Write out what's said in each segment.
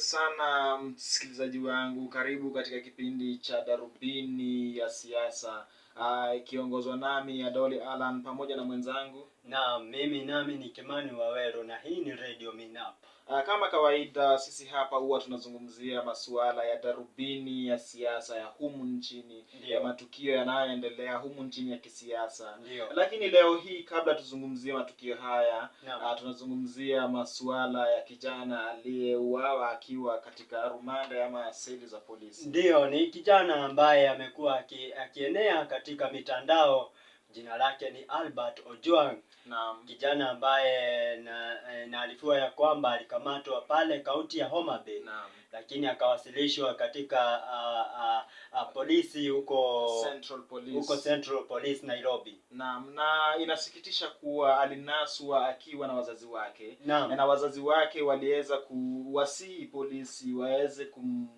sana msikilizaji wangu, karibu katika kipindi cha Darubini ya Siasa ah, ikiongozwa nami Adoli Alan pamoja na mwenzangu na mimi nami ni Kimani Wawero, na hii ni Radio Minapo. Ah, kama kawaida sisi hapa huwa tunazungumzia masuala ya darubini ya siasa ya humu nchini Ndiyo. ya matukio yanayoendelea humu nchini ya kisiasa Ndiyo. Lakini leo hii kabla tuzungumzie matukio haya uh, tunazungumzia masuala ya kijana aliyeuawa akiwa katika rumanda ama seli za polisi. Ndiyo, ni kijana ambaye amekuwa akienea katika mitandao Jina lake ni Albert Ojuang Naam. Kijana ambaye eh, naarifiwa na ya kwamba alikamatwa pale kaunti ya Homa Bay. Naam. Lakini akawasilishwa katika a, a, a, polisi huko Central Police, huko Central Police Nairobi. Naam, na inasikitisha kuwa alinaswa akiwa na wazazi wake. Naam. Na wazazi wake waliweza kuwasihi polisi waweze kum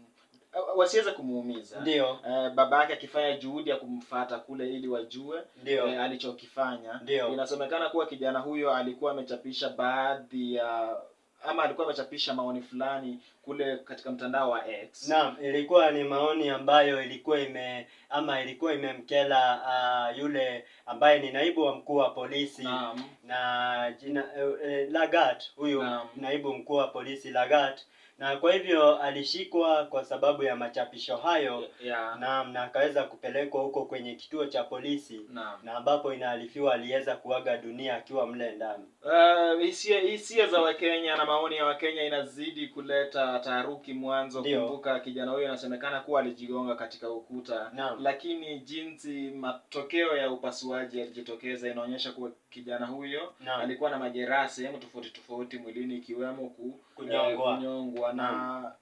Uh, wasiweze kumuumiza. Ndio. Eh, baba yake akifanya juhudi ya kumfata kule ili wajue eh, alichokifanya. Ndio. Inasemekana kuwa kijana huyo alikuwa amechapisha baadhi ya ama alikuwa amechapisha maoni fulani kule katika mtandao wa X. Naam, ilikuwa ni maoni ambayo ilikuwa ime ama ilikuwa imemkela uh, yule ambaye ni naibu wa mkuu wa polisi Naam. na jina uh, uh, Lagat huyu Naam. naibu mkuu wa polisi Lagat na kwa hivyo alishikwa kwa sababu ya machapisho hayo yeah. na na akaweza kupelekwa huko kwenye kituo cha polisi na, na ambapo inaarifiwa aliweza kuaga dunia akiwa mle ndani. Uh, hisia za Wakenya na maoni ya Wakenya inazidi kuleta taharuki. Mwanzo kumbuka, kijana huyo inasemekana kuwa alijigonga katika ukuta na, lakini jinsi matokeo ya upasuaji yalijitokeza inaonyesha kuwa kijana huyo na, alikuwa na majeraha sehemu tofauti tofauti mwilini ikiwemo ku, kunyongwa, eh, kunyongwa na,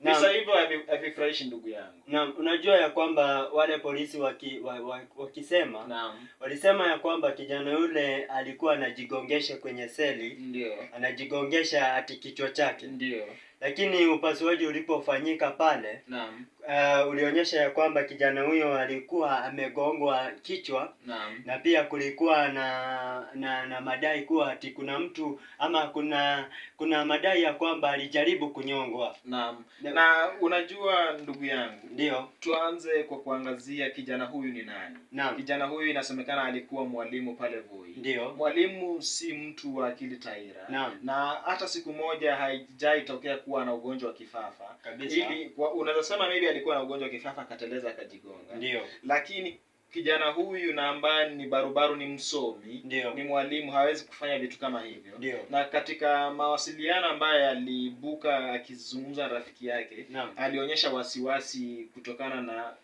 na visa hivyo havifurahishi ndugu yangu. Naam, unajua ya kwamba wale polisi waki, wa, wa, wakisema naam, walisema ya kwamba kijana yule alikuwa anajigongesha kwenye seli, ndio anajigongesha hati kichwa chake, ndio lakini upasuaji ulipofanyika pale naam. Uh, ulionyesha ya kwamba kijana huyo alikuwa amegongwa kichwa naam. na pia kulikuwa na na, na madai kuwa ati kuna mtu ama kuna kuna madai ya kwamba alijaribu kunyongwa naam. na, na unajua ndugu yangu, ndio tuanze kwa kuangazia kijana huyu ni nani naam. kijana huyu inasemekana alikuwa mwalimu pale Voi. Ndio mwalimu si mtu wa akili taira naam. na hata siku moja haijai tokea kuwa na ugonjwa wa kifafa kabisa. unaweza sema maybe alikuwa na ugonjwa wa kifafa akateleza akajigonga, ndio. Lakini kijana huyu na ambaye ni barubaru, ni msomi, ndio. ni mwalimu, hawezi kufanya vitu kama hivyo, ndio. na katika mawasiliano ambayo alibuka akizungumza rafiki yake, alionyesha wasiwasi kutokana na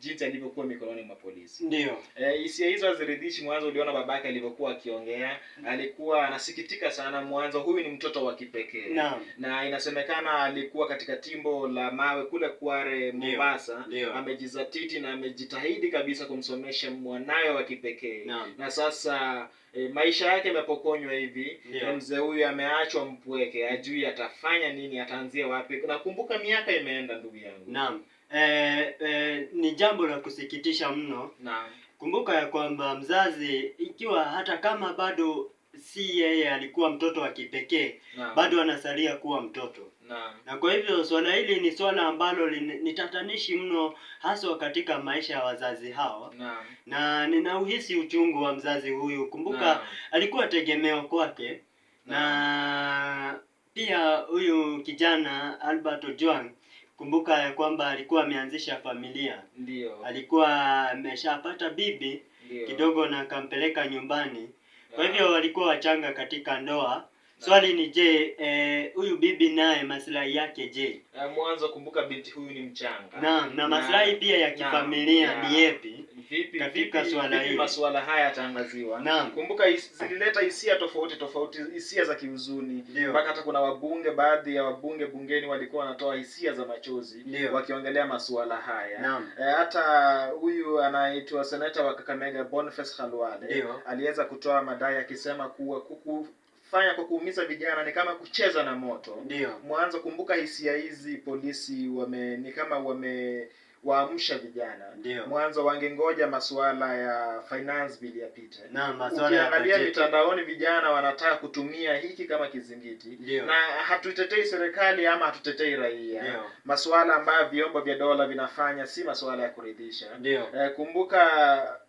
jinsi alivyokuwa mikononi mwa polisi. Ndio. Eh, hisia hizo haziridhishi. Mwanzo uliona babake alivyokuwa akiongea, alikuwa anasikitika sana mwanzo. Huyu ni mtoto wa kipekee. Na, na inasemekana alikuwa katika timbo la mawe kule Kware Mombasa, amejizatiti na amejitahidi kabisa kumsomesha mwanawe wa kipekee. Na sasa E, maisha yake yamepokonywa hivi yeah. Mzee huyu ameachwa mpweke, ajui atafanya nini, ataanzia wapi. Nakumbuka miaka imeenda ndugu yangu. Naam eh, eh, ni jambo la kusikitisha mno. na. Kumbuka ya kwamba mzazi ikiwa hata kama bado si yeye alikuwa mtoto wa kipekee, bado anasalia kuwa mtoto. na. Na kwa hivyo swala hili ni swala ambalo ni tatanishi mno haswa katika maisha ya wazazi hawa. na, Na ninauhisi uchungu wa mzazi huyu. Kumbuka na. alikuwa tegemeo kwake na pia huyu kijana Albert Ojwang kumbuka ya kwamba alikuwa ameanzisha familia. ndio alikuwa ameshapata bibi Ndiyo. kidogo na akampeleka nyumbani. Kwa hivyo walikuwa wachanga katika ndoa Swali ni je, eh, huyu bibi naye maslahi yake je? Eh, mwanzo kumbuka binti huyu ni mchanga. Naam, na maslahi pia ya kifamilia ni yapi? Vipi katika swala hili? Masuala haya yataangaziwa. Naam. Kumbuka zilileta hisia tofauti tofauti, hisia za kihuzuni. Mpaka hata kuna wabunge, baadhi ya wabunge bungeni walikuwa wanatoa hisia za machozi wakiongelea masuala haya. Naam. E, hata huyu anaitwa seneta wa Kakamega Boniface Khalwale aliweza kutoa madai akisema kuwa kuku fanya kwa kuumiza vijana ni kama kucheza na moto. Ndio mwanzo, kumbuka hisia hizi, polisi wame ni kama wame waamsha vijana. Ndio mwanzo wangengoja masuala ya finance bill yapite, na masuala ya ukiangalia mitandaoni vijana wanataka kutumia hiki kama kizingiti. Ndio. na hatutetei serikali ama hatutetei raia. masuala ambayo vyombo vya dola vinafanya si masuala ya kuridhisha. Ndio. Eh, kumbuka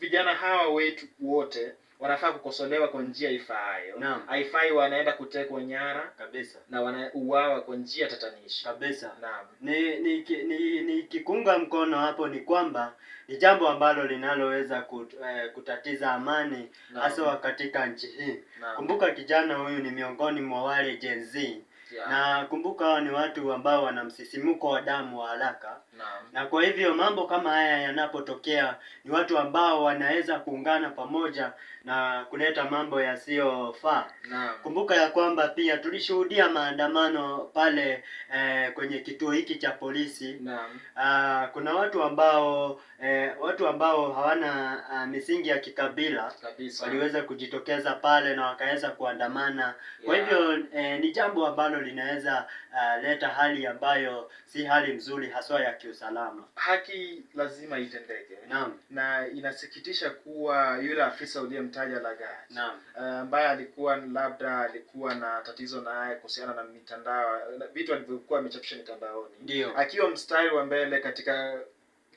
vijana hawa wetu wote wanafaa kukosolewa kwa njia ifaayo. Haifai wanaenda kutekwa nyara kabisa na wanauawa kwa njia tatanishi kabisa. Naam. Ni ni, ni kikunga mkono hapo ni kwamba ni jambo ambalo linaloweza kut, eh, kutatiza amani hasa katika nchi hii. Kumbuka kijana huyu ni miongoni mwa wale Gen Z. Yeah. Na kumbuka hao ni watu ambao wana wa damu wa haraka na kwa hivyo mambo kama haya yanapotokea, ni watu ambao wanaweza kuungana pamoja na kuleta mambo yasiyofaa. Kumbuka ya kwamba pia tulishuhudia maandamano pale eh, kwenye kituo hiki cha polisi. Ah, kuna watu ambao eh, watu ambao hawana ah, misingi ya kikabila kabisa, waliweza kujitokeza pale na wakaweza kuandamana yeah. Kwa hivyo eh, ni jambo ambalo linaweza ah, leta hali ambayo si hali mzuri haswa ya kiusalama. Haki lazima itendeke. Naam. Na inasikitisha kuwa yule afisa uliyemtaja Lagat, naam, eh, ambaye uh, alikuwa labda alikuwa na tatizo naye kuhusiana na mitandao, vitu alivyokuwa amechapisha mitandaoni, ndio akiwa mstari wa mbele katika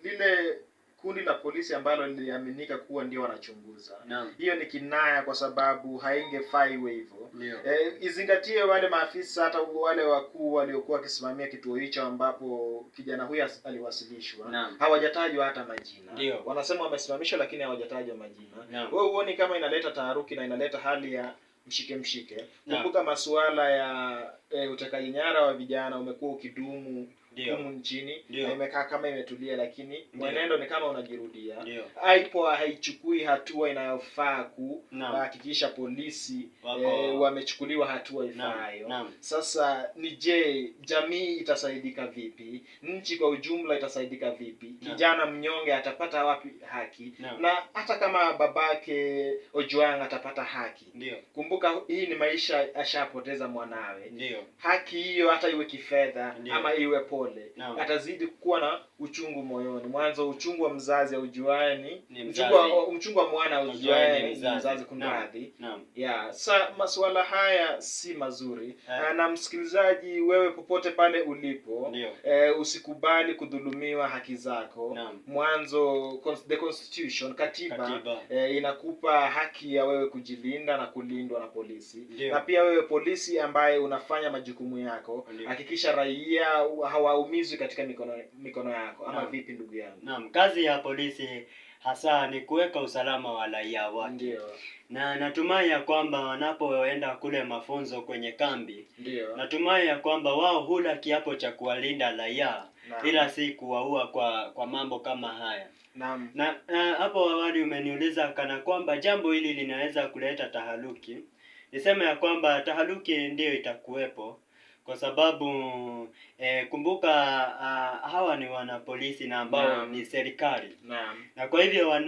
lile kundi la polisi ambalo liliaminika kuwa ndio wanachunguza hiyo Ni kinaya kwa sababu haingefai hivyo hivyo. E, eh, izingatie wale maafisa hata wale wakuu waliokuwa wakisimamia kituo hicho ambapo kijana huyo aliwasilishwa Hawajatajwa hata majina Leo. Wanasema wamesimamishwa lakini hawajatajwa majina Wewe huoni kama inaleta taharuki na inaleta hali ya mshike mshike? Kumbuka masuala ya e, utekaji nyara wa vijana umekuwa ukidumu humu nchini na imekaa kama imetulia, lakini mwenendo ni kama unajirudia. IPOA haichukui hatua inayofaa kuhakikisha polisi e, wamechukuliwa hatua ifaayo. Sasa ni je, jamii itasaidika vipi? Nchi kwa ujumla itasaidika vipi? Naam. Kijana mnyonge atapata wapi haki? Naam. Na hata kama babake Ojwang atapata haki, ndio kumbuka, hii ni maisha, ashapoteza mwanawe. Ndio haki hiyo, hata iwe kifedha ama iwe poli upole no. atazidi kuwa na uchungu moyoni. Mwanzo uchungu wa mzazi aujuani, uchungu wa mwana aujuani ni mzazi, kunradhi. Yeah, sa masuala haya si mazuri yeah. Eh. Na msikilizaji, wewe popote pale ulipo eh, usikubali kudhulumiwa haki zako Mwanzo the constitution katiba, katiba. Eh, inakupa haki ya wewe kujilinda na kulindwa na polisi Ndiyo. Na pia wewe polisi ambaye unafanya majukumu yako, hakikisha raia hawaumizwi katika mikono, mikono yako yako ama Vipi ndugu yangu? Naam, kazi ya polisi hasa ni kuweka usalama wa raia wake. Ndiyo. Na natumai ya kwamba wanapoenda kule mafunzo kwenye kambi. Ndiyo. Natumai ya kwamba wao hula kiapo cha kuwalinda raia ila si kuwaua kwa kwa mambo kama haya. Naam. Na hapo awali umeniuliza kana kwamba jambo hili linaweza kuleta taharuki. Niseme ya kwamba taharuki ndiyo itakuwepo kwa sababu e, kumbuka a, ah, hawa ni wanapolisi na ambao Naam. ni serikali Naam. na kwa hivyo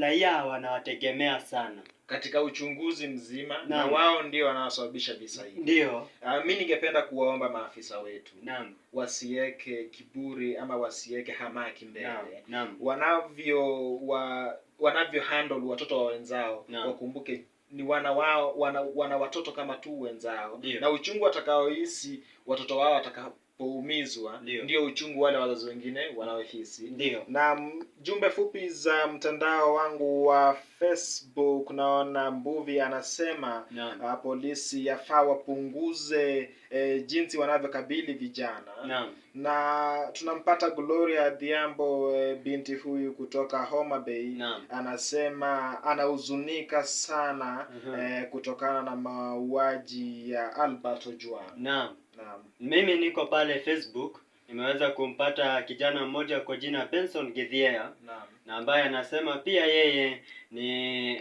raia wanawategemea sana katika uchunguzi mzima Naam. na wao ndio wanaosababisha visa hivi. Ndio. Uh, mi ningependa kuwaomba maafisa wetu Naam. wasiweke kiburi ama wasiweke hamaki mbele Naam. Naam. wanavyo wa, wanavyo handle watoto wa wenzao Naam. wakumbuke ni wana wao wana, wana watoto kama tu wenzao Dio. na uchungu watakaohisi watoto wao watakapoumizwa, ndio uchungu wale wazazi wengine wanaohisi. Ndio. Na jumbe fupi za mtandao wangu wa Facebook, naona Mbuvi anasema uh, polisi yafaa wapunguze eh, jinsi wanavyokabili vijana Naam. na tunampata Gloria Dhiambo eh, binti huyu kutoka Homa Bay Naam. anasema anahuzunika sana uh -huh. eh, kutokana na mauaji ya Albert Ojwang. Naam. Naam. Mimi niko pale Facebook nimeweza kumpata kijana mmoja kwa jina Benson Githiea. Naam na ambaye anasema pia yeye ni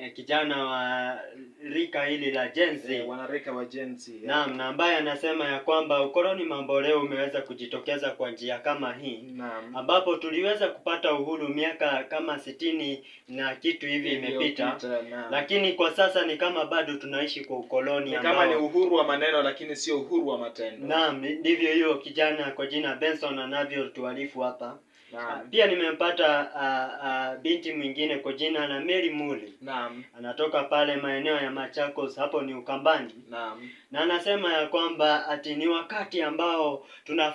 eh, kijana wa rika hili la jenzi E, eh, wanarika wa jenzi Z. Naam, na ambaye anasema ya kwamba ukoloni mambo leo umeweza kujitokeza kwa njia kama hii. Naam. Ambapo tuliweza kupata uhuru miaka kama sitini na kitu hivi imepita, lakini kwa sasa ni kama bado tunaishi kwa ukoloni ni ambao, kama ni uhuru wa maneno lakini sio uhuru wa matendo. Naam, ndivyo hiyo kijana kwa jina Benson anavyotuarifu hapa. Naam. Ah, pia nimempata uh, uh, binti mwingine kwa jina la Mary Muli. Naam. Anatoka pale maeneo ya Machakos hapo ni Ukambani. Naam. Na anasema ya kwamba ati ni wakati ambao tuna